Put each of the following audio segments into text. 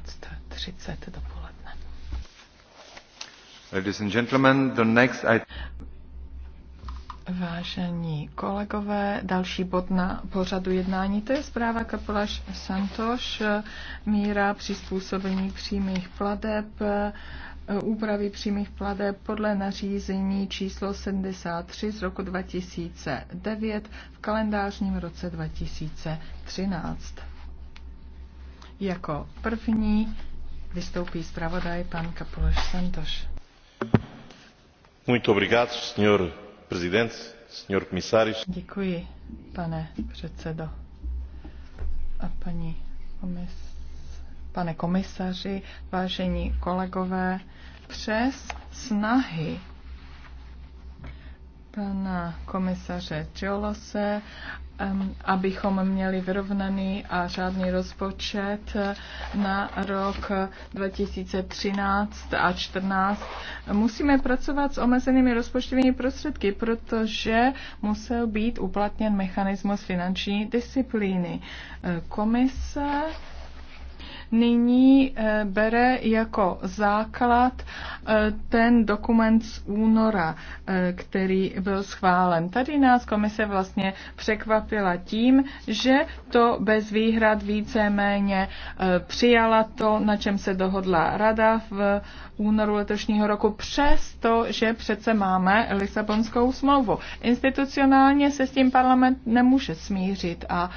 19.30 dopoledne. Ladies and gentlemen, the next I... Vážení kolegové, další bod na pořadu jednání, to je zpráva Kapelaš Santoš, míra přizpůsobení přímých pladeb, úpravy přímých pladeb podle nařízení číslo 73 z roku 2009 v kalendářním roce 2013. Jako první vystoupí zpravodaj pan Kapoleš Santoš. Muito obrigado, senhor presidente, senhor comissário. Děkuji, pane předsedo. A paní komis, pane komisaři, vážení kolegové, přes snahy pana komisaře Čolose, abychom měli vyrovnaný a řádný rozpočet na rok 2013 a 2014. Musíme pracovat s omezenými rozpočtovými prostředky, protože musel být uplatněn mechanismus finanční disciplíny. Komise nyní eh, bere jako základ eh, ten dokument z února, eh, který byl schválen. Tady nás komise vlastně překvapila tím, že to bez výhrad víceméně přijala to, na čem se dohodla rada v únoru letošního roku, přesto, že přece máme Lisabonskou smlouvu. Institucionálně se s tím parlament nemůže smířit a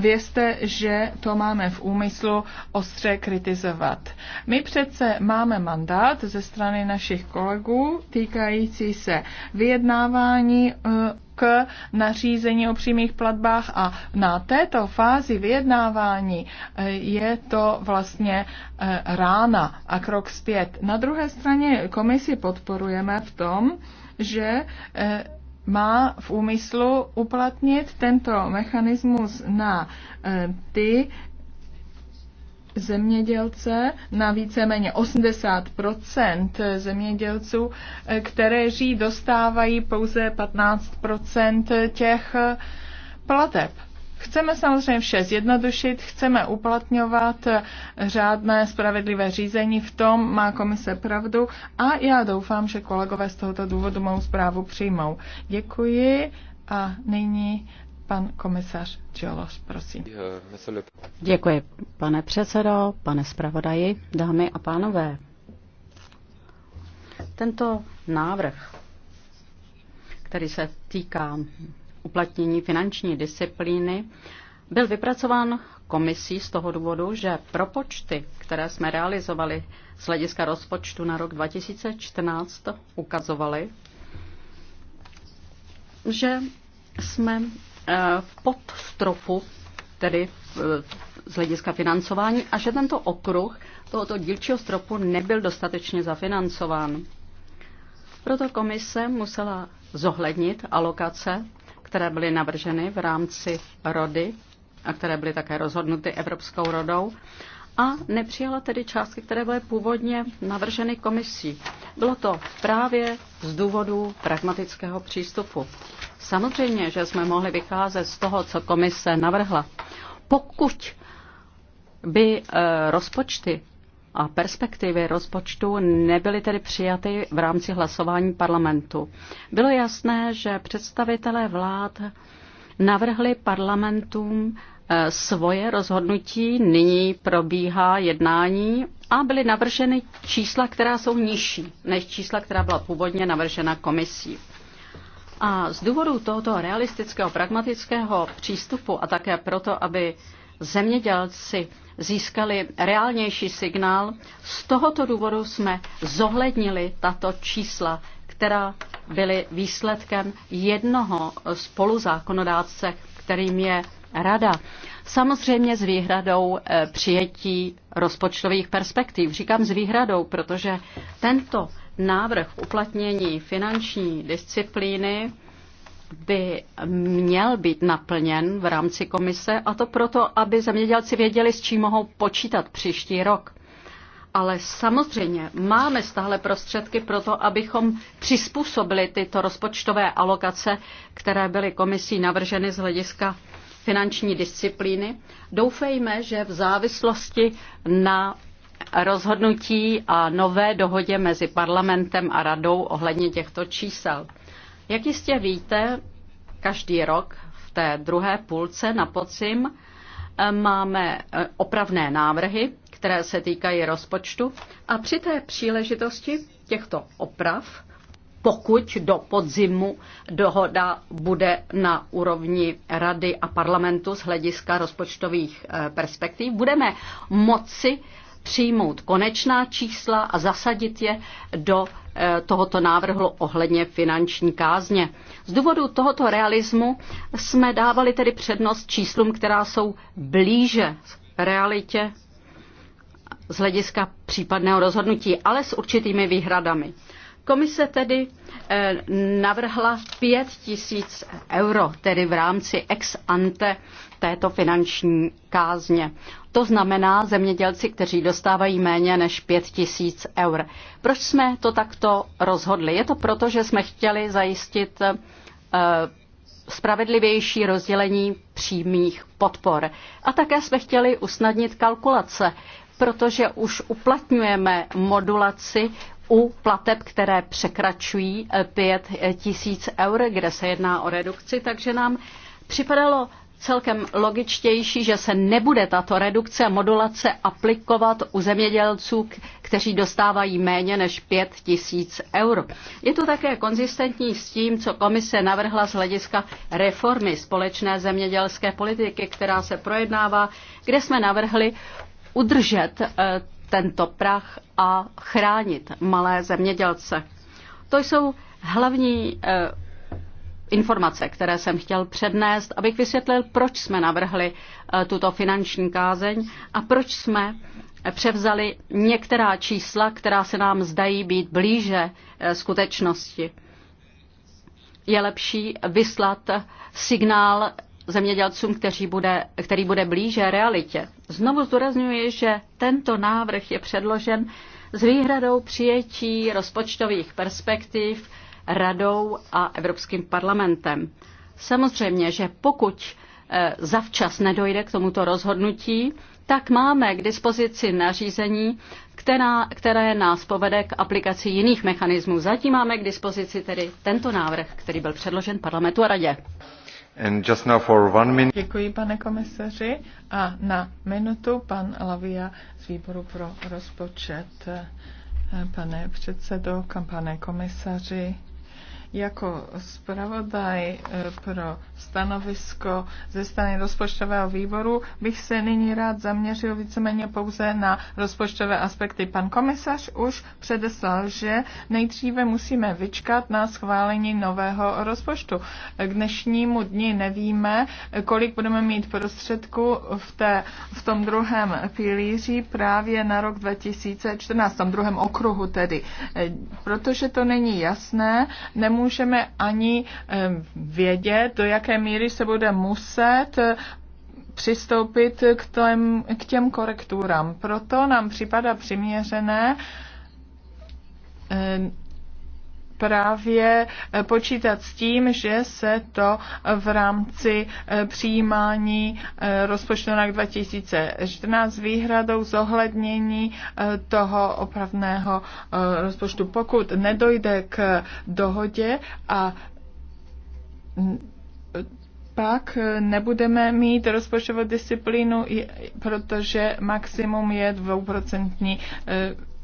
Vězte, že to máme v úmyslu ostře kritizovat. My přece máme mandát ze strany našich kolegů týkající se vyjednávání eh, k nařízení o přímých platbách a na této fázi vyjednávání eh, je to vlastně eh, rána a krok zpět. Na druhé straně komisi podporujeme v tom, že má v úmyslu uplatnit tento mechanismus na eh, ty zemědělce, na víceméně 80 zemědělců, eh, kteří dostávají pouze 15 těch eh, plateb. Chceme samozřejmě vše zjednodušit, chceme uplatňovat eh, řádné spravedlivé řízení, v tom má komise pravdu a já doufám, že kolegové z tohoto důvodu mou zprávu přijmou. Děkuji a nyní pan komisař Čolos, prosím. Děkuji, pane předsedo, pane zpravodaji, dámy a pánové. Tento návrh, který se týká uplatnění finanční disciplíny byl vypracován komisí z toho důvodu, že propočty, které jsme realizovali z hlediska rozpočtu na rok 2014, ukazovaly, že jsme eh, v podstropu, tedy eh, z hlediska financování, a že tento okruh tohoto dílčího stropu nebyl dostatečně zafinancován. Proto komise musela zohlednit alokace které byly navrženy v rámci rody a které byly také rozhodnuty Evropskou rodou a nepřijala tedy částky, které byly původně navrženy komisí. Bylo to právě z důvodu pragmatického přístupu. Samozřejmě, že jsme mohli vycházet z toho, co komise navrhla. Pokud by eh, rozpočty a perspektivy rozpočtu nebyly tedy přijaty v rámci hlasování parlamentu. Bylo jasné, že představitelé vlád navrhli parlamentům eh, svoje rozhodnutí, nyní probíhá jednání a byly navrženy čísla, která jsou nižší než čísla, která byla původně navržena komisí. A z důvodu tohoto realistického, pragmatického přístupu a také proto, aby zemědělci získali reálnější signál. Z tohoto důvodu jsme zohlednili tato čísla, která byly výsledkem jednoho spoluzákonodárce, kterým je Rada. Samozřejmě s výhradou e, přijetí rozpočtových perspektiv. Říkám s výhradou, protože tento návrh uplatnění finanční disciplíny by měl být naplněn v rámci komise, a to proto, aby zemědělci věděli, s čím mohou počítat příští rok. Ale samozřejmě máme stále prostředky pro to, abychom přizpůsobili tyto rozpočtové alokace, které byly komisí navrženy z hlediska finanční disciplíny. Doufejme, že v závislosti na rozhodnutí a nové dohodě mezi parlamentem a radou ohledně těchto čísel. Jak jistě víte, každý rok v té druhé půlce na podzim eh, máme eh, opravné návrhy, které se týkají rozpočtu a při té příležitosti těchto oprav, pokud do podzimu dohoda bude na úrovni rady a parlamentu z hlediska rozpočtových eh, perspektiv, budeme moci přijmout konečná čísla a zasadit je do eh, tohoto návrhu ohledně finanční kázně. Z důvodu tohoto realismu jsme dávali tedy přednost číslům, která jsou blíže realitě z hlediska případného rozhodnutí, ale s určitými výhradami. Komise tedy eh, navrhla 5 tisíc euro, tedy v rámci ex ante této finanční kázně. To znamená zemědělci, kteří dostávají méně než 5 tisíc eur. Proč jsme to takto rozhodli? Je to proto, že jsme chtěli zajistit eh, spravedlivější rozdělení přímých podpor. A také jsme chtěli usnadnit kalkulace, protože už uplatňujeme modulaci u plateb, které překračují 5 eh, tisíc eur, kde se jedná o redukci, takže nám připadalo celkem logičtější, že se nebude tato redukce a modulace aplikovat u zemědělců, kteří dostávají méně než 5 tisíc eur. Je to také konzistentní s tím, co komise navrhla z hlediska reformy společné zemědělské politiky, která se projednává, kde jsme navrhli udržet eh, tento prach a chránit malé zemědělce. To jsou hlavní eh, informace, které jsem chtěl přednést, abych vysvětlil, proč jsme navrhli eh, tuto finanční kázeň a proč jsme převzali některá čísla, která se nám zdají být blíže eh, skutečnosti. Je lepší vyslat signál zemědělcům, kteří bude, který bude blíže realitě. Znovu zdůrazňuji, že tento návrh je předložen s výhradou přijetí rozpočtových perspektiv radou a Evropským parlamentem. Samozřejmě, že pokud eh, zavčas nedojde k tomuto rozhodnutí, tak máme k dispozici nařízení, která, které nás povede k aplikaci jiných mechanismů. Zatím máme k dispozici tedy tento návrh, který byl předložen parlamentu a radě. And just now for one minute. Děkuji, pane komisaři. A na minutu pan Lavia z výboru pro rozpočet. Pane předsedo, pane komisaři, jako zpravodaj eh, pro stanovisko ze strany rozpočtového výboru bych se nyní rád zaměřil víceméně pouze na rozpočtové aspekty. Pan komisař už předeslal, že nejdříve musíme vyčkat na schválení nového rozpočtu. K dnešnímu dni nevíme, kolik budeme mít prostředku v, té, v tom druhém pilíři právě na rok 2014, v tom druhém okruhu tedy. Eh, protože to není jasné, nemůžeme nemůžeme ani vědět, do jaké míry se bude muset eh, přistoupit k těm, k těm korekturám. Proto nám připadá přiměřené právě eh, počítat s tím, že se to eh, v rámci eh, přijímání rozpočtu na 2014 výhradou zohlednění toho opravného rozpočtu. Pokud nedojde k dohodě a mm, pak nebudeme mít rozpočtovou disciplínu, protože maximum je dvouprocentní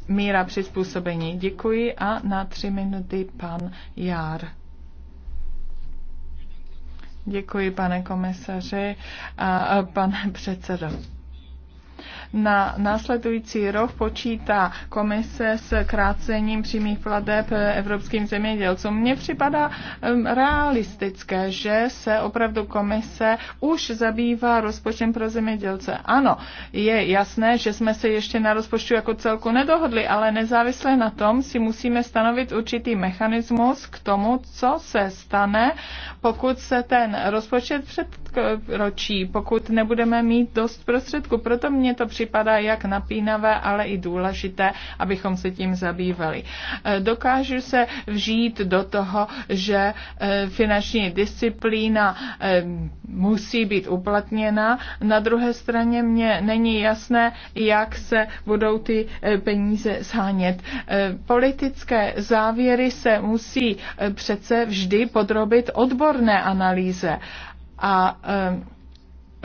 míra přizpůsobení. Děkuji a na tři minuty pan Jár. Děkuji, pane komisaři a pane předsedo. Na následující rok počítá komise s krácením přímých plateb evropským zemědělcům. Mně připadá realistické, že se opravdu komise už zabývá rozpočtem pro zemědělce. Ano, je jasné, že jsme se ještě na rozpočtu jako celku nedohodli, ale nezávisle na tom si musíme stanovit určitý mechanismus k tomu, co se stane, pokud se ten rozpočet předročí, pokud nebudeme mít dost prostředků. Proto mě to přijde připadá jak napínavé, ale i důležité, abychom se tím zabývali. E, dokážu se vžít do toho, že e, finanční disciplína e, musí být uplatněna. Na druhé straně mě není jasné, jak se budou ty peníze shánět. Politické závěry se musí přece vždy podrobit odborné analýze. A um,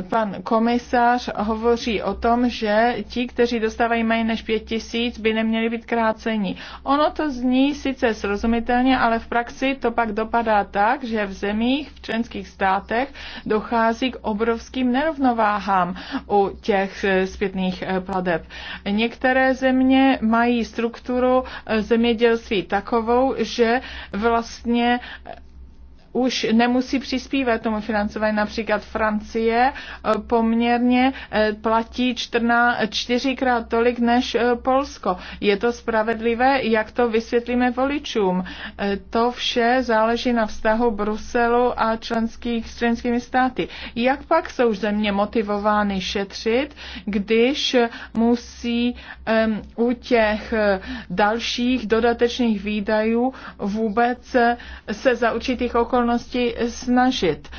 pan komisař hovoří o tom, že ti, kteří dostávají méně než pět tisíc, by neměli být kráceni. Ono to zní sice srozumitelně, ale v praxi to pak dopadá tak, že v zemích, v členských státech dochází k obrovským nerovnováhám u těch eh, zpětných eh, pladeb. Některé země mají strukturu eh, zemědělství takovou, že vlastně už nemusí přispívat tomu financování. Například Francie eh, poměrně eh, platí čtyřikrát tolik než eh, Polsko. Je to spravedlivé? Jak to vysvětlíme voličům? To vše záleží na vztahu Bruselu a členských, členskými státy. Jak pak jsou země motivovány šetřit, když musí um, u těch dalších dodatečných výdajů vůbec se za určitých okolností spravedlnosti snažit.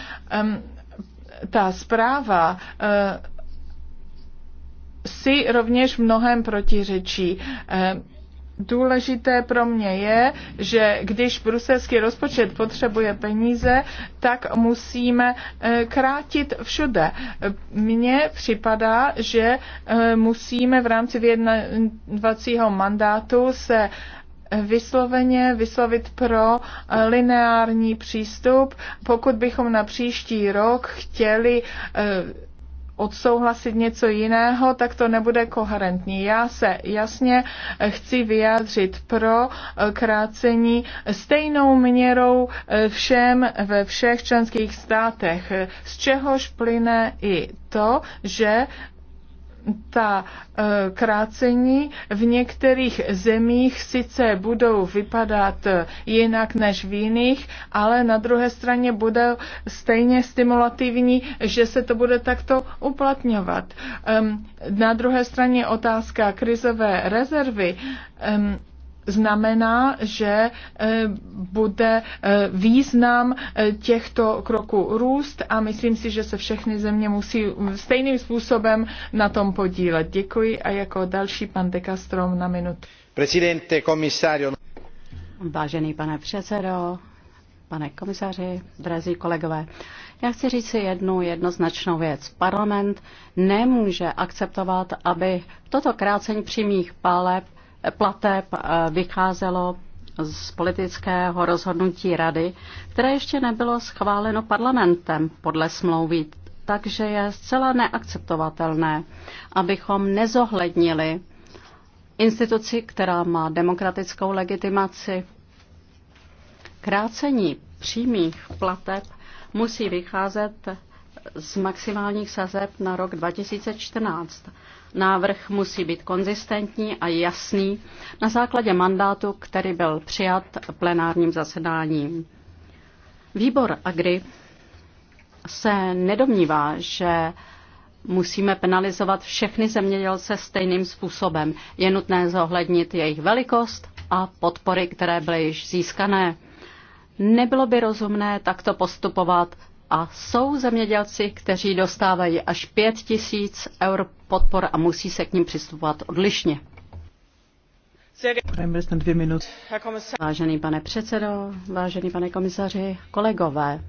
Ta zpráva eh, si rovněž mnohem protiřečí. Eh, důležité pro mě je, že když bruselský rozpočet potřebuje peníze, tak musíme eh, krátit všude. Mně připadá, že musíme v rámci vyjednávacího mandátu se vysloveně vyslovit pro eh, lineární přístup, pokud bychom na příští rok chtěli eh, odsouhlasit něco jiného, tak to nebude koherentní. Já se jasně eh, chci vyjádřit pro krácení stejnou měrou všem ve všech členských státech, z čehož plyne i to, že ta e, krácení v některých zemích sice budou vypadat e, jinak než v jiných, ale na druhé straně bude stejně stimulativní, že se to bude takto uplatňovat. Na druhé straně otázka krizové rezervy znamená, že eh, bude eh, význam eh, těchto kroků růst a myslím si, že se všechny země musí mm, stejným způsobem na tom podílet. Děkuji a jako další pan De Castro na minutu. Presidente, komisario. Vážený pane předsedo, pane komisaři, drazí kolegové. Já chci říct si jednu jednoznačnou věc. Parlament nemůže akceptovat, aby toto krácení přímých páleb plateb eh, vycházelo z politického rozhodnutí rady, které ještě nebylo schváleno parlamentem podle smlouvy, takže je zcela neakceptovatelné, abychom nezohlednili instituci, která má demokratickou legitimaci. Krácení přímých plateb musí vycházet z maximálních sazeb na rok 2014. Návrh musí být konzistentní a jasný na základě mandátu, který byl přijat plenárním zasedáním. Výbor Agri se nedomnívá, že musíme penalizovat všechny zemědělce stejným způsobem. Je nutné zohlednit jejich velikost a podpory, které byly již získané. Nebylo by rozumné takto postupovat a jsou zemědělci, kteří dostávají až 5 tisíc eur podpor a musí se k ním přistupovat odlišně. Vážený pane předsedo, vážený pane komisaři, kolegové,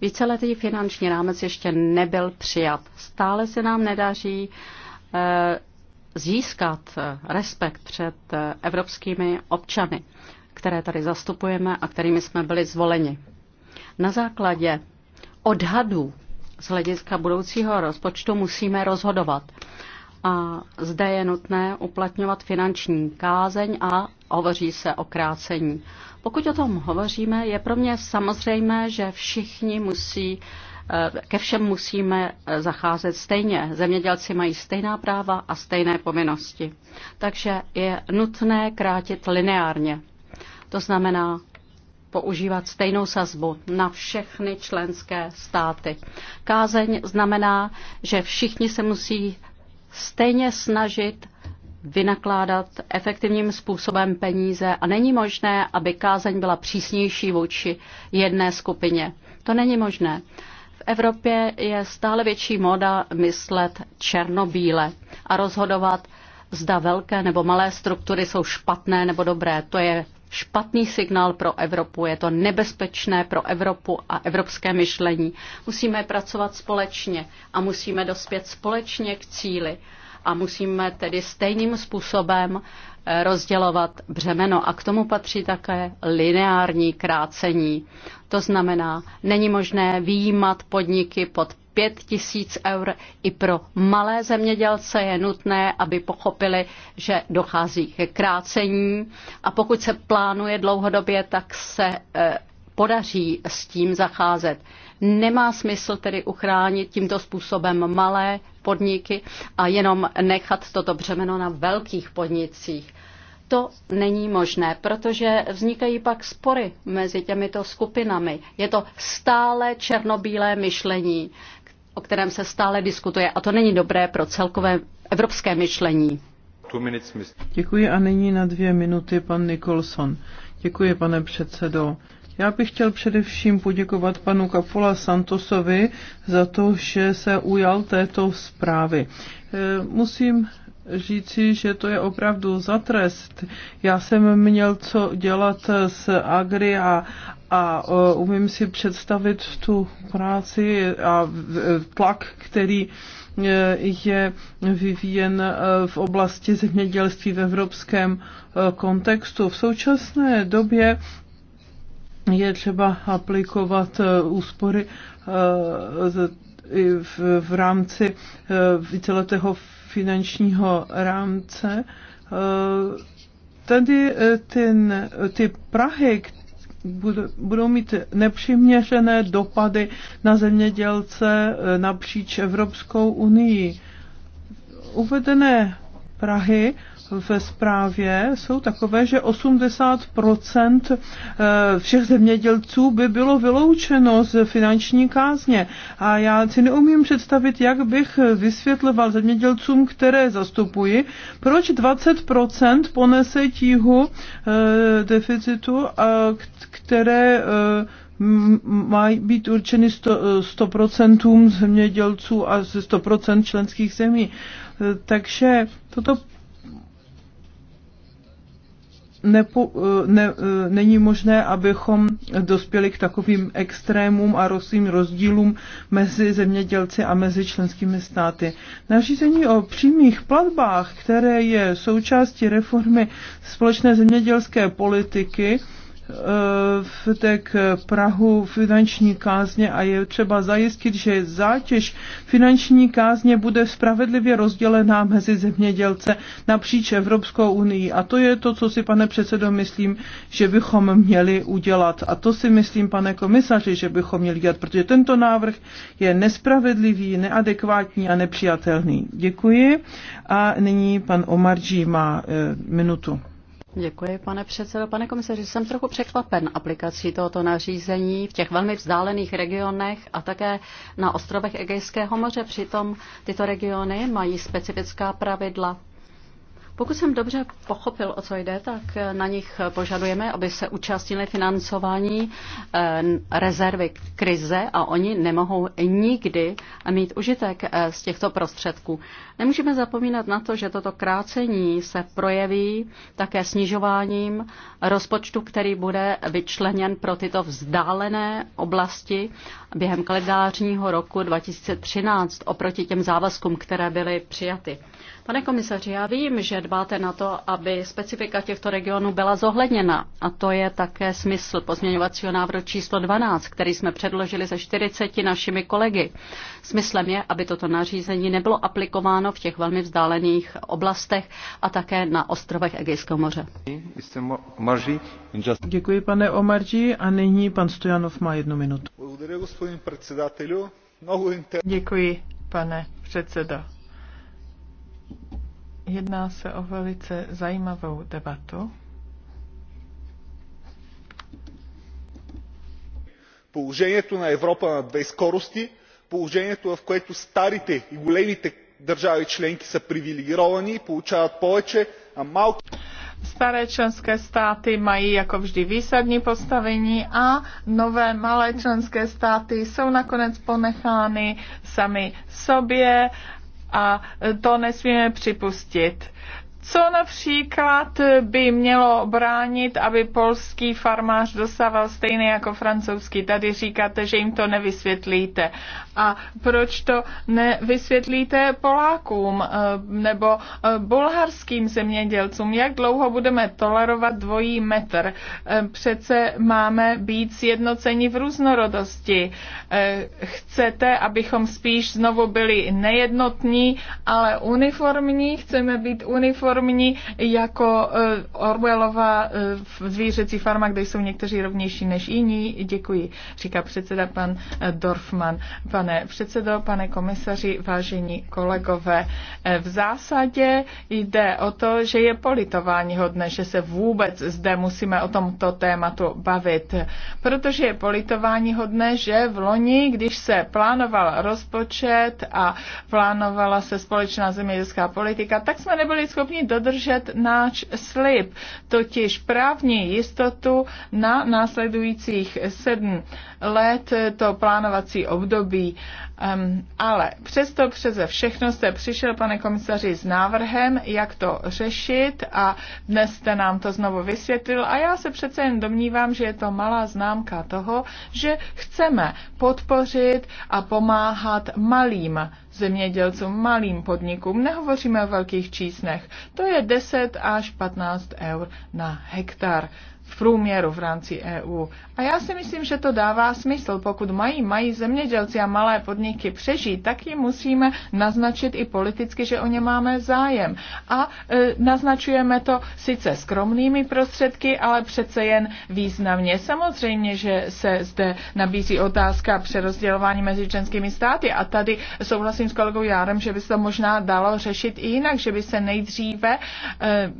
víceletý finanční rámec ještě nebyl přijat. Stále se nám nedaří eh, získat eh, respekt před eh, evropskými občany, které tady zastupujeme a kterými jsme byli zvoleni. Na základě odhadů z hlediska budoucího rozpočtu musíme rozhodovat. A zde je nutné uplatňovat finanční kázeň a hovoří se o krácení. Pokud o tom hovoříme, je pro mě samozřejmé, že všichni musí eh, ke všem musíme eh, zacházet stejně. Zemědělci mají stejná práva a stejné povinnosti. Takže je nutné krátit lineárně. To znamená používat stejnou sazbu na všechny členské státy. Kázeň znamená, že všichni se musí stejně snažit vynakládat efektivním způsobem peníze a není možné, aby kázeň byla přísnější vůči jedné skupině. To není možné. V Evropě je stále větší moda myslet černobíle a rozhodovat, zda velké nebo malé struktury jsou špatné nebo dobré. To je špatný signál pro Evropu, je to nebezpečné pro Evropu a evropské myšlení. Musíme pracovat společně a musíme dospět společně k cíli a musíme tedy stejným způsobem eh, rozdělovat břemeno. A k tomu patří také lineární krácení. To znamená, není možné výjímat podniky pod 5 tisíc eur. I pro malé zemědělce je nutné, aby pochopili, že dochází ke krácení a pokud se plánuje dlouhodobě, tak se eh, podaří s tím zacházet. Nemá smysl tedy uchránit tímto způsobem malé podniky a jenom nechat toto břemeno na velkých podnicích to není možné, protože vznikají pak spory mezi těmito skupinami. Je to stále černobílé myšlení, o kterém se stále diskutuje a to není dobré pro celkové evropské myšlení. Děkuji a nyní na dvě minuty pan Nicholson. Děkuji, pane předsedo. Já bych chtěl především poděkovat panu Kapula Santosovi za to, že se ujal této zprávy. E, musím říci, že to je opravdu za trest. Já jsem měl co dělat s Agri a, a e, umím si představit tu práci a e, tlak, který e, je vyvíjen v oblasti zemědělství v evropském kontextu. V současné době je třeba aplikovat úspory v, v rámci víceletého finančního rámce. Eh, tady eh, ten, ty Prahy, budou mít nepřiměřené dopady na zemědělce eh, napříč Evropskou unii. Uvedené Prahy ve zprávě jsou takové, že 80% eh, všech zemědělců by bylo vyloučeno z finanční kázně. A já si neumím představit, jak bych vysvětloval zemědělcům, které zastupuji, proč 20% ponese tíhu eh, deficitu, eh, které mají být určeny 100% zemědělců a 100% členských zemí. Takže toto nepo, eh, ne, eh, není možné, abychom dospěli k takovým extrémům a rostlým rozdílům mezi zemědělci a mezi členskými státy. Nařízení o přímých platbách, které je součástí reformy společné zemědělské politiky, v eh, té k Prahu finanční kázně a je třeba zajistit, že zátěž finanční kázně bude spravedlivě rozdělená mezi zemědělce napříč Evropskou unii. A to je to, co si, pane předsedo, myslím, že bychom měli udělat. A to si myslím, pane komisaři, že bychom měli dělat, protože tento návrh je nespravedlivý, neadekvátní a nepřijatelný. Děkuji. A nyní pan Omarji má eh, minutu. Děkuji, pane předsedo. Pane komisaři, jsem trochu překvapen aplikací tohoto nařízení v těch velmi vzdálených regionech a také na ostrovech Egejského moře. Přitom tyto regiony mají specifická pravidla. Pokud jsem dobře pochopil, o co jde, tak na nich požadujeme, aby se účastnili financování eh, rezervy krize a oni nemohou nikdy mít užitek eh, z těchto prostředků. Nemůžeme zapomínat na to, že toto krácení se projeví také snižováním rozpočtu, který bude vyčleněn pro tyto vzdálené oblasti během kalendářního roku 2013 oproti těm závazkům, které byly přijaty. Pane komisaři, já vím, že dbáte na to, aby specifika těchto regionů byla zohledněna. A to je také smysl pozměňovacího návrhu číslo 12, který jsme předložili se 40 našimi kolegy. Smyslem je, aby toto nařízení nebylo aplikováno v těch velmi vzdálených oblastech a také na ostrovech Egejského moře. Děkuji, pane Omarji. A nyní pan Stojanov má jednu minutu. Děkuji, pane předsedo Jedná se o velice zajímavou debatu. Положението на Европа на две скорости, положението в което старите и големите държави членки са привилегировани и получават повече, а малки... Staré členské státy mají jako vždy výsadní postavení a nové malé členské státy jsou nakonec ponechány sami sobě a to nesmíme připustit. Co například by mělo bránit, aby polský farmář dostával stejný jako francouzský? Tady říkáte, že jim to nevysvětlíte. A proč to nevysvětlíte Polákům eh, nebo eh, bulharským zemědělcům? Jak dlouho budeme tolerovat dvojí metr? Eh, přece máme být sjednoceni v různorodosti. Chcete, abychom spíš znovu byli nejednotní, ale uniformní? Chceme být uniformní konformní jako eh, Orwellova eh, zvířecí farma, kde jsou někteří rovnější než jiní. Děkuji, říká předseda pan eh, Dorfman. Pane předsedo, pane komisaři, vážení kolegové, v zásadě jde o to, že je politování hodné, že se vůbec zde musíme o tomto tématu bavit, protože je politování hodné, že v loni, když se plánoval rozpočet a plánovala se společná zemědělská politika, tak jsme nebyli schopni dodržet náš slib, totiž právní jistotu na následujících sedm let to plánovací období. Um, ale přesto přeze všechno jste přišel, pane komisaři, s návrhem, jak to řešit a dnes jste nám to znovu vysvětlil a já se přece jen domnívám, že je to malá známka toho, že chceme podpořit a pomáhat malým zemědělcům, malým podnikům. Nehovoříme o velkých číslech. To je 10 až 15 eur na hektar v průměru v rámci EU. A já si myslím, že to dává smysl. Pokud mají, mají zemědělci a malé podniky přežít, tak jim musíme naznačit i politicky, že o ně máme zájem. A e, naznačujeme to sice skromnými prostředky, ale přece jen významně. Samozřejmě, že se zde nabízí otázka přerozdělování mezi členskými státy a tady souhlasím s kolegou Járem, že by se to možná dalo řešit i jinak, že by se nejdříve e,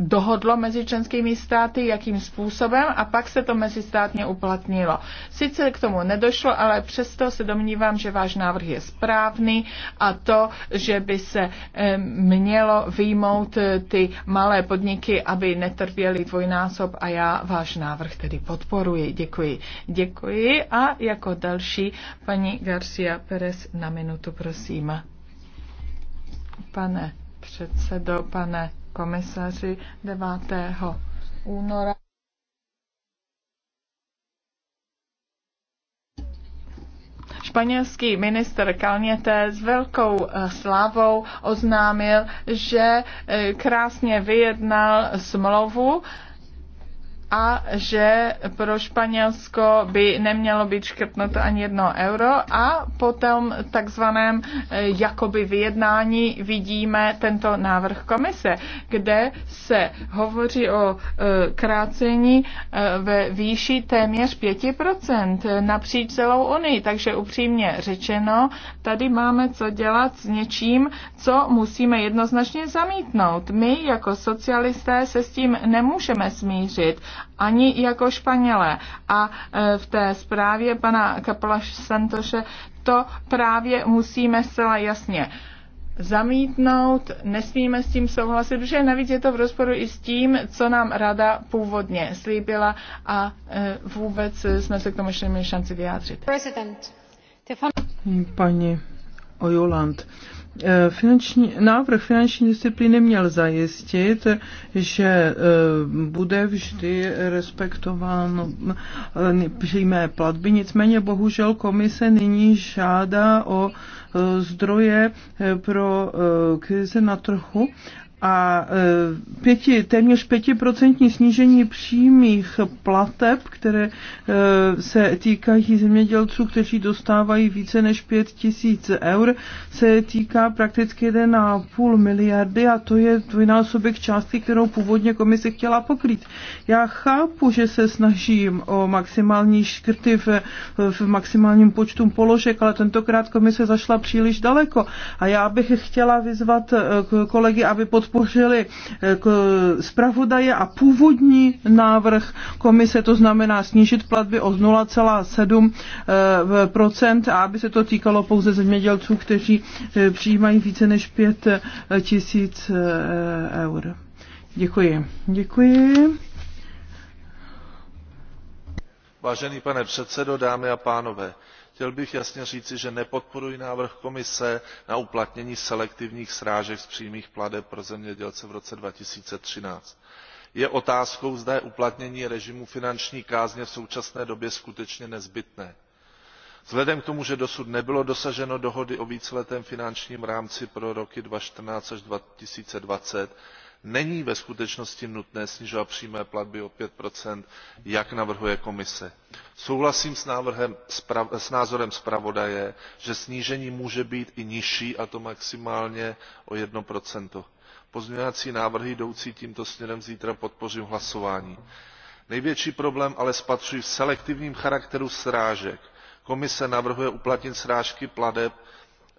dohodlo mezi členskými státy, jakým způsobem a pak se to mezistátně uplatnilo. Sice k tomu nedošlo, ale přesto se domnívám, že váš návrh je správný a to, že by se mělo výjmout eh, ty malé podniky, aby netrpěli dvojnásob a já váš návrh tedy podporuji. Děkuji. Děkuji a jako další paní Garcia Perez na minutu, prosím. Pane předsedo, pane komisaři 9. února. Španělský minister Kalněte s velkou eh, slávou oznámil, že eh, krásně vyjednal smlouvu, a že pro Španělsko by nemělo být škrtnuto ani jedno euro a po tom takzvaném eh, jakoby vyjednání vidíme tento návrh komise, kde se hovoří o eh, krácení eh, ve výši téměř 5% napříč celou Unii. Takže upřímně řečeno, tady máme co dělat s něčím, co musíme jednoznačně zamítnout. My jako socialisté se s tím nemůžeme smířit ani jako Španělé. A e, v té zprávě pana Kapelaš Santoše to právě musíme zcela jasně zamítnout, nesmíme s tím souhlasit, protože navíc je to v rozporu i s tím, co nám rada původně slíbila a e, vůbec jsme se k tomu ještě měli šanci vyjádřit. Paní Ojoland, Eh, finanční, návrh finanční disciplíny měl zajistit, že eh, bude vždy respektován eh, přímé platby, nicméně bohužel komise nyní žádá o zdroje pro krize na trhu a e, pěti, téměř pětiprocentní snížení přímých plateb, které e, se týkají zemědělců, kteří dostávají více než pět tisíc eur, se týká prakticky 1,5 miliardy a to je dvojnásobek částky, kterou původně komise chtěla pokrýt. Já chápu, že se snažím o maximální škrty v, v maximálním počtu položek, ale tentokrát komise zašla příliš daleko a já bych chtěla vyzvat e, kolegy, aby pod podpořili eh, eh, zpravodaje a původní návrh komise, to znamená snížit platby o 0,7% eh, a aby se to týkalo pouze zemědělců, kteří přijímají více než 5 tisíc eur. Děkuji. Děkuji. Vážený pane předsedo, dámy a pánové, chtěl bych jasně říci že nepodporuji návrh komise na uplatnění selektivních srážek z přímých plateb pro zemědělce v roce. two thousand and thirteen je otázkou zda je uplatnění režimu finanční kázně v současné době skutečně nezbytné. vzhledem k tomu že dosud nebylo dosaženo dohody o víceletém finančním rámci pro roky two thousand and fourteen až two thousand and twenty není ve skutečnosti nutné snižovat přímé platby o five jak navrhuje komise. souhlasím s názorem zpravodaje že snížení může být i nižší a to maximálně o one pozměňovací návrhy jdoucí tímto směrem zítra podpořím v hlasování. největší problém ale spatřuji v selektivním charakteru srážek. komise navrhuje uplatnit srážky plateb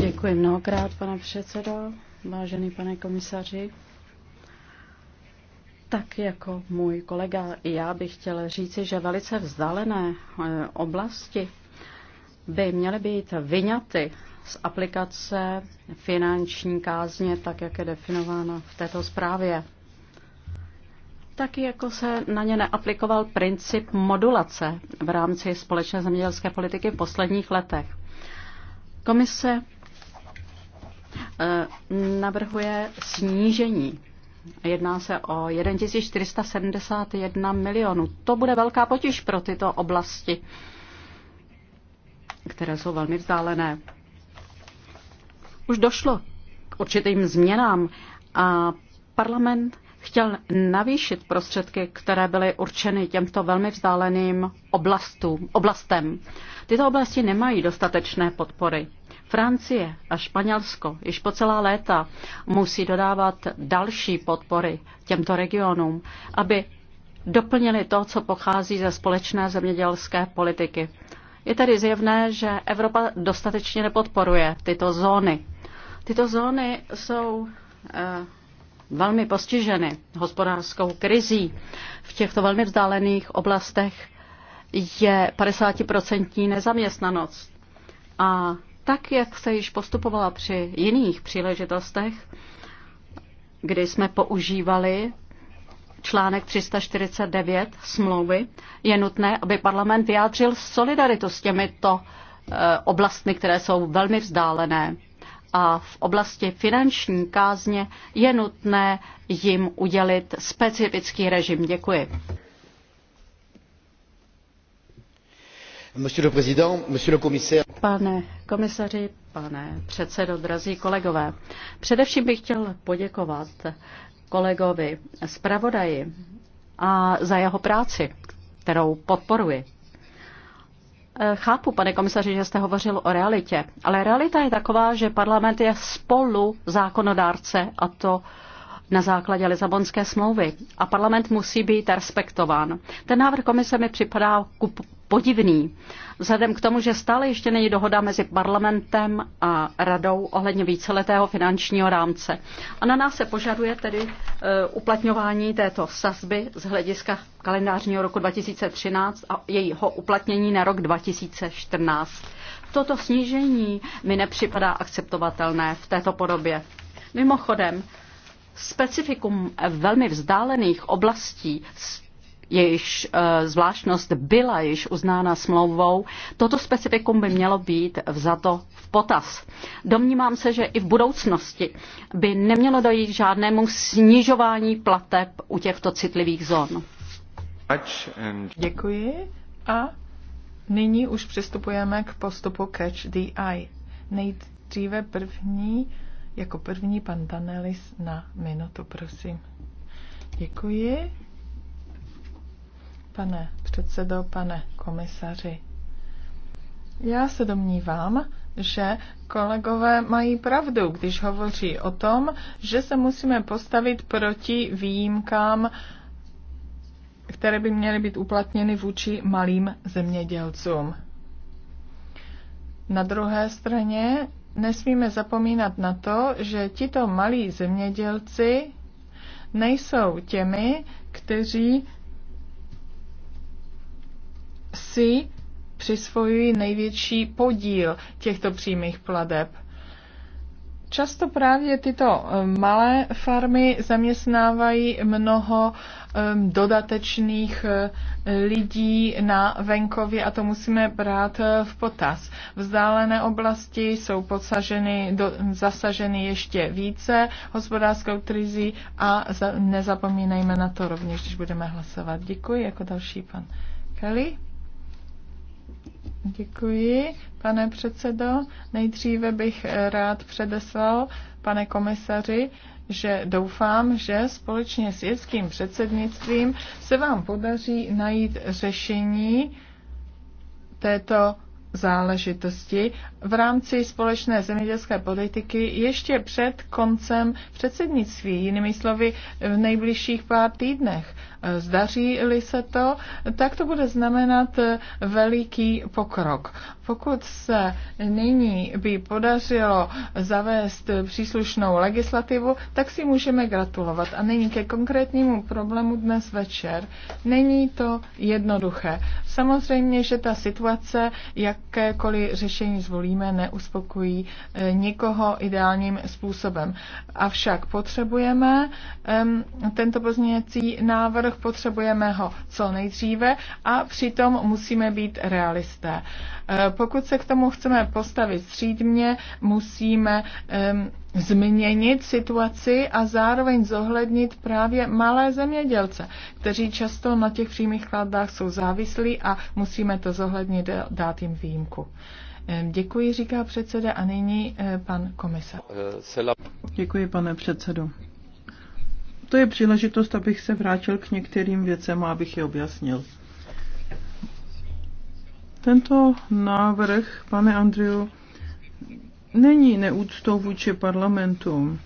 Děkuji mnohokrát, pane předsedo, vážený pane komisaři. Tak jako můj kolega, i já bych chtěl říci, že velice vzdálené eh, oblasti by měly být vyňaty z aplikace finanční kázně, tak jak je definována v této zprávě taky jako se na ně neaplikoval princip modulace v rámci společné zemědělské politiky v posledních letech. Komise eh, navrhuje snížení. Jedná se o 1471 milionů. To bude velká potíž pro tyto oblasti, které jsou velmi vzdálené. Už došlo k určitým změnám a parlament chtěl navýšit prostředky, které byly určeny těmto velmi vzdáleným oblastům, oblastem. Tyto oblasti nemají dostatečné podpory. Francie a Španělsko již po celá léta musí dodávat další podpory těmto regionům, aby doplnili to, co pochází ze společné zemědělské politiky. Je tedy zjevné, že Evropa dostatečně nepodporuje tyto zóny. Tyto zóny jsou eh, velmi postiženy hospodářskou krizí v těchto velmi vzdálených oblastech, je 50% nezaměstnanost. A tak, jak se již postupovala při jiných příležitostech, kdy jsme používali článek 349 smlouvy, je nutné, aby parlament vyjádřil solidaritu s těmito eh, oblastmi, které jsou velmi vzdálené a v oblasti finanční kázně je nutné jim udělit specifický režim. Děkuji. Pane komisaři, pane předsedo, drazí kolegové, především bych chtěl poděkovat kolegovi zpravodaji a za jeho práci, kterou podporuji. Eh, chápu, pane komisaři, že jste hovořil o realitě, ale realita je taková, že parlament je spolu zákonodárce a to na základě Lisabonské smlouvy a parlament musí být respektován. Ten návrh komise mi připadá podivný, vzhledem k tomu, že stále ještě není dohoda mezi parlamentem a radou ohledně víceletého finančního rámce. A na nás se požaduje tedy e, uplatňování této sazby z hlediska kalendářního roku 2013 a jejího uplatnění na rok 2014. Toto snížení mi nepřipadá akceptovatelné v této podobě. Mimochodem, specifikum velmi vzdálených oblastí jejíž eh, zvláštnost byla již uznána smlouvou, toto specifikum by mělo být vzato v potaz. Domnívám se, že i v budoucnosti by nemělo dojít žádnému snižování plateb u těchto citlivých zón. Děkuji a nyní už přistupujeme k postupu Catch the Eye. Nejdříve první, jako první pan Danelis na minutu, prosím. Děkuji pane předsedo, pane komisaři. Já se domnívám, že kolegové mají pravdu, když hovoří o tom, že se musíme postavit proti výjimkám, které by měly být uplatněny vůči malým zemědělcům. Na druhé straně nesmíme zapomínat na to, že tito malí zemědělci nejsou těmi, kteří si přisvojují největší podíl těchto přímých pladeb. Často právě tyto eh, malé farmy zaměstnávají mnoho eh, dodatečných eh, lidí na venkově a to musíme brát v potaz. Vzdálené oblasti jsou podsaženy, do, zasaženy ještě více hospodářskou krizí a za, nezapomínejme na to rovněž, když budeme hlasovat. Děkuji. Jako další pan Kelly. Děkuji, pane předsedo. Nejdříve bych eh, rád předeslal, pane komisaři, že doufám, že společně s jirským předsednictvím se vám podaří najít řešení této záležitosti v rámci společné zemědělské politiky ještě před koncem předsednictví, jinými slovy v nejbližších pár týdnech. Zdaří-li se to, tak to bude znamenat eh, veliký pokrok. Pokud se nyní by podařilo zavést příslušnou legislativu, tak si můžeme gratulovat. A nyní ke konkrétnímu problému dnes večer. Není to jednoduché. Samozřejmě, že ta situace, jakékoliv řešení zvolíme, neuspokojí eh, nikoho ideálním způsobem. Avšak potřebujeme tento pozměňovací návrh pokrok, potřebujeme ho co nejdříve a přitom musíme být realisté. E, pokud se k tomu chceme postavit střídmě, musíme změnit situaci a zároveň zohlednit právě malé zemědělce, kteří často na těch přímých kladbách jsou závislí a musíme to zohlednit, e, dát jim výjimku. E, děkuji, říká předseda a nyní pan komisar. Děkuji, pane předsedo to je příležitost, abych se vrátil k některým věcem a abych je objasnil. Tento návrh, pane Andriu, není neúctou vůči parlamentu.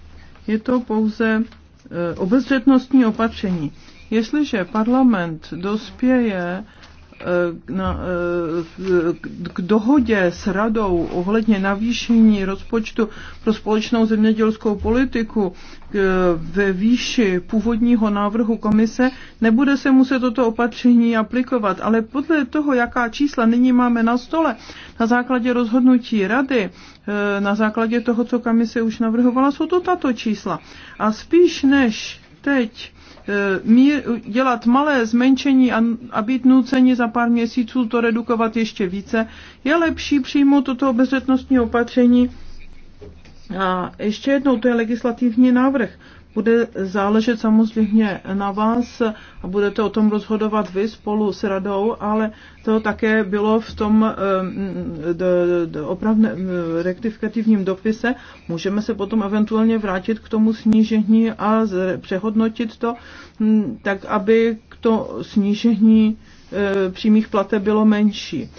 Je to pouze e, obezřetnostní opatření. Jestliže parlament dospěje Eh, na, eh, k dohodě s radou ohledně navýšení rozpočtu pro společnou zemědělskou politiku eh, ve výši původního návrhu komise, nebude se muset toto opatření aplikovat, ale podle toho, jaká čísla nyní máme na stole, na základě rozhodnutí rady, na základě toho, co komise už navrhovala, jsou to tato čísla. A spíš než teď Eh, mír, dělat malé zmenšení a, a být nuceni za pár měsíců to redukovat ještě více, je lepší přijmout toto obezřetnostní opatření. A ještě jednou, to je legislativní návrh. Bude záležet samozřejmě na vás a budete o tom rozhodovat vy spolu s radou, ale to také bylo v tom eh, opravdu eh, rektifikativním dopise. Můžeme se potom eventuálně vrátit k tomu snížení a přehodnotit to, hm, tak aby to snížení eh, přímých plate bylo menší.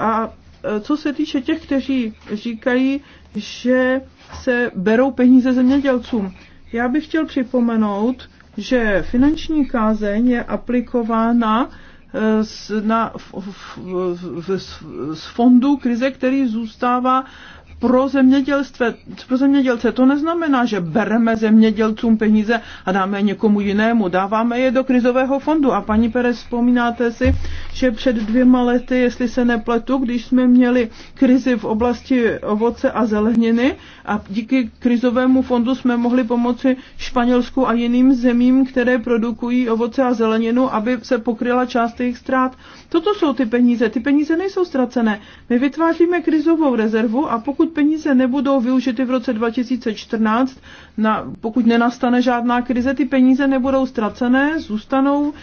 A co se týče těch, kteří říkají, že se berou peníze zemědělcům. Já bych chtěl připomenout, že finanční kázeň je aplikována z, eh, na, v, v, v, z fondu krize, který zůstává pro, zemědělství, pro zemědělce. To neznamená, že bereme zemědělcům peníze a dáme někomu jinému. Dáváme je do krizového fondu. A paní Perez, vzpomínáte si, že před dvěma lety, jestli se nepletu, když jsme měli krizi v oblasti ovoce a zeleniny a díky krizovému fondu jsme mohli pomoci Španělsku a jiným zemím, které produkují ovoce a zeleninu, aby se pokryla část jejich ztrát. Toto jsou ty peníze. Ty peníze nejsou ztracené. My vytváříme krizovou rezervu a pokud pokud peníze nebudou využity v roce 2014, na, pokud nenastane žádná krize, ty peníze nebudou ztracené, zůstanou e,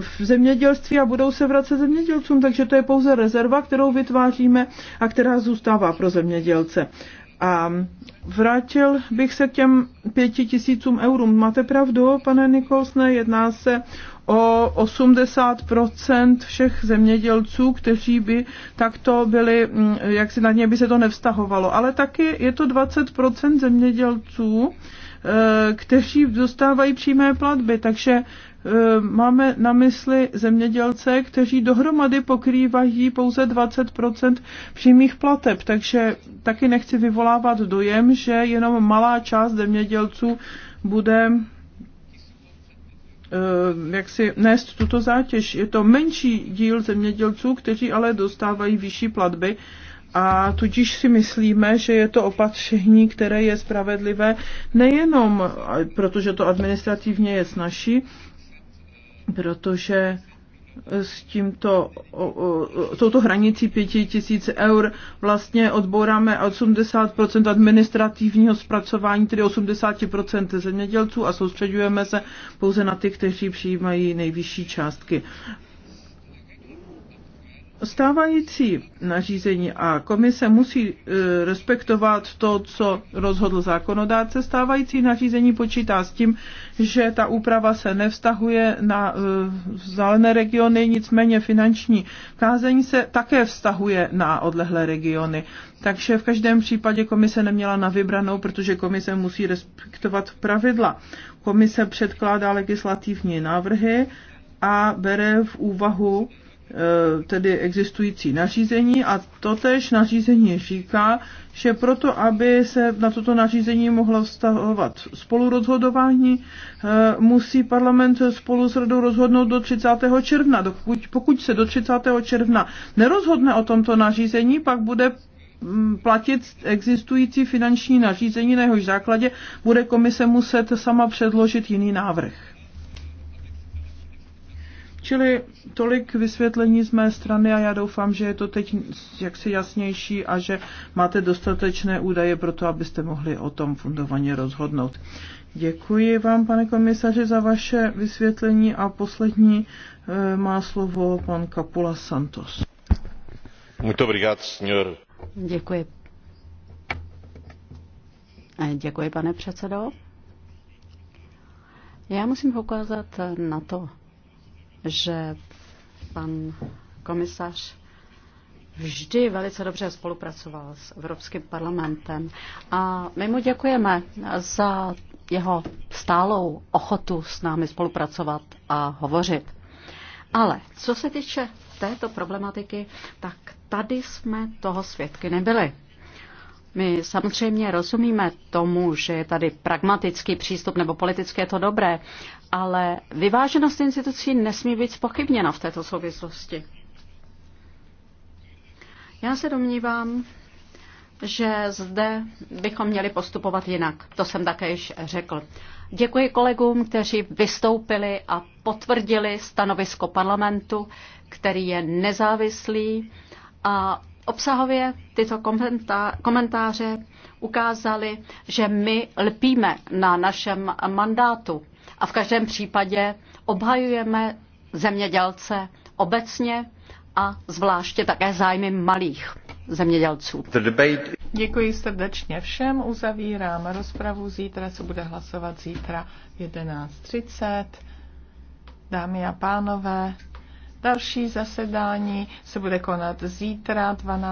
v zemědělství a budou se vracet zemědělcům. Takže to je pouze rezerva, kterou vytváříme a která zůstává pro zemědělce. A vrátil bych se k těm pěti tisícům eurům. Máte pravdu, pane Nikolsne, jedná se o 80 všech zemědělců, kteří by takto byli, mm, jak si na ně by se to nevztahovalo. Ale taky je to 20 zemědělců, eh, kteří dostávají přímé platby. Takže eh, máme na mysli zemědělce, kteří dohromady pokrývají pouze 20 přímých plateb. Takže taky nechci vyvolávat dojem, že jenom malá část zemědělců bude Eh, jak si nést tuto zátěž. Je to menší díl zemědělců, kteří ale dostávají vyšší platby a tudíž si myslíme, že je to opatření, které je spravedlivé nejenom, protože to administrativně je snažší, protože s tímto, o, touto hranicí 5000 eur vlastně odbouráme 80% administrativního zpracování, tedy 80% zemědělců a soustředujeme se pouze na ty, kteří přijímají nejvyšší částky. Stávající nařízení a komise musí e, respektovat to, co rozhodl zákonodárce. Stávající nařízení počítá s tím, že ta úprava se nevztahuje na e, vzdálené regiony, nicméně finanční kázeň se také vztahuje na odlehlé regiony. Takže v každém případě komise neměla na vybranou, protože komise musí respektovat pravidla. Komise předkládá legislativní návrhy a bere v úvahu Eh, tedy existující nařízení a totež nařízení říká, že proto, aby se na toto nařízení mohlo vztahovat spolurozhodování, eh, musí parlament spolu s radou rozhodnout do 30. června. Dokud, pokud se do 30. června nerozhodne o tomto nařízení, pak bude mm, platit existující finanční nařízení, na jehož základě bude komise muset sama předložit jiný návrh. Čili tolik vysvětlení z mé strany a já doufám, že je to teď jaksi jasnější a že máte dostatečné údaje pro to, abyste mohli o tom fundovaně rozhodnout. Děkuji vám, pane komisaři, za vaše vysvětlení a poslední eh, má slovo pan Kapula Santos. Muito obrigado, senhor. Děkuji. Eh, děkuji, pane předsedo. Já musím ukázat na to, že pan komisař vždy velice dobře spolupracoval s Evropským parlamentem a my mu děkujeme za jeho stálou ochotu s námi spolupracovat a hovořit. Ale co se týče této problematiky, tak tady jsme toho svědky nebyli. My samozřejmě rozumíme tomu, že je tady pragmatický přístup nebo politické je to dobré, ale vyváženost institucí nesmí být spochybněna v této souvislosti. Já se domnívám, že zde bychom měli postupovat jinak. To jsem také již řekl. Děkuji kolegům, kteří vystoupili a potvrdili stanovisko parlamentu, který je nezávislý a Obsahově tyto komentáře ukázaly, že my lpíme na našem mandátu a v každém případě obhajujeme zemědělce obecně a zvláště také zájmy malých zemědělců. Děkuji srdečně všem, uzavírám rozpravu zítra, se bude hlasovat zítra 11.30. Dámy a pánové, Další zasedání se bude konat zítra 12.